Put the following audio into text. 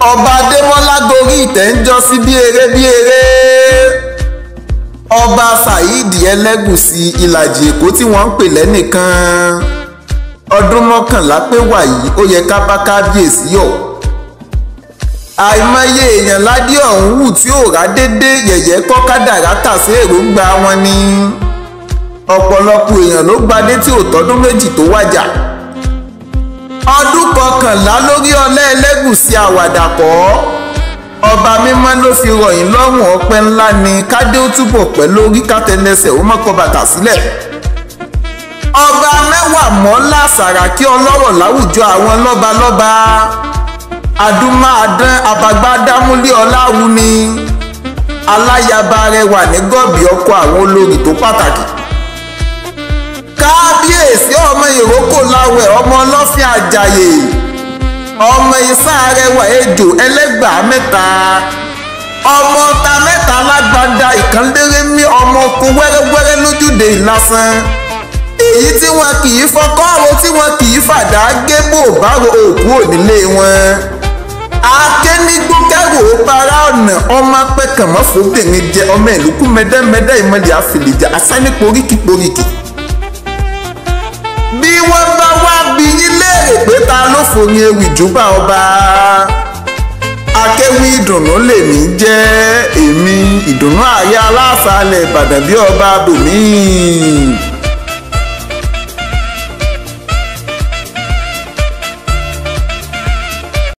ọba adémọ́lá gorí ìtẹ́ ń jọ sí bí eré bí eré ọba saheed ẹlẹ́gùsì ìlàjì èkó tí wọ́n ń pè lẹ́nìkan ọdún mọ́kànlá pé wàyí ó yẹ ká bá kábíyèsí yọ̀ àìmọye èèyàn ládé ọ̀hún wù tí ò rá dédé yẹ̀yẹ́ kọ́kádà kádàrá tà sí èròǹgbà wọn ni ọ̀pọ̀lọpọ̀ èèyàn ló gbadé tí ò tọ́dún méjì tó wájà. Ja mọ́kànlá lórí ọlá ẹlẹ́gùsí àwàdàpọ̀ ọba mímọ́ ló fi rọ̀yìn lọ́rùn ọpẹ́ ńlá ni kádé ó túbọ̀ pẹ́ lórí kátẹ́lẹsẹ̀ ó mọ́kọ bàtà sílẹ̀ ọba mẹ́wàá mọ́lá sàràkí ọlọ́rọ̀ láwùjọ àwọn lọ́balọ́ba adúmáadán abagbadámúlé ọláwu ni aláyaba rẹwà ní gọ́ọ̀bì ọkọ àwọn olórí tó pàtàkì kábíyèsí ọmọ ìrókò láwẹ̀ ọmọ ọlọ́fin àjàyè ọmọ ìsàrẹwà ejò ẹlẹ́gbàá mẹ́ta ọmọ ọta mẹ́ta lágbada ìkànlérèmí ọmọ ọkùn wẹ́rẹ́wẹ́rẹ́ lójúde ìlàsàn èyí tí wọn kì í fọkọ́rọ̀ tí wọn kì í fàdá gé bò báwo òkú ònílé wọn akénigbókẹ́rò para ọ̀nà ọmọ apẹ́kànmọ́fọ́bìnrin jẹ ọmọ ìlúkú mẹ́dẹ́mẹ́dẹ́ ìmọ̀lẹ́ àfìlìjà asáníporíkìporíkì. ta ló fòyìn ewì júbà ọba akéwì ìdùnnú lèmi jẹ́ èmi ìdùnnú àyà aláṣàlẹ̀ ìbàdàn bí ọba bòmíì.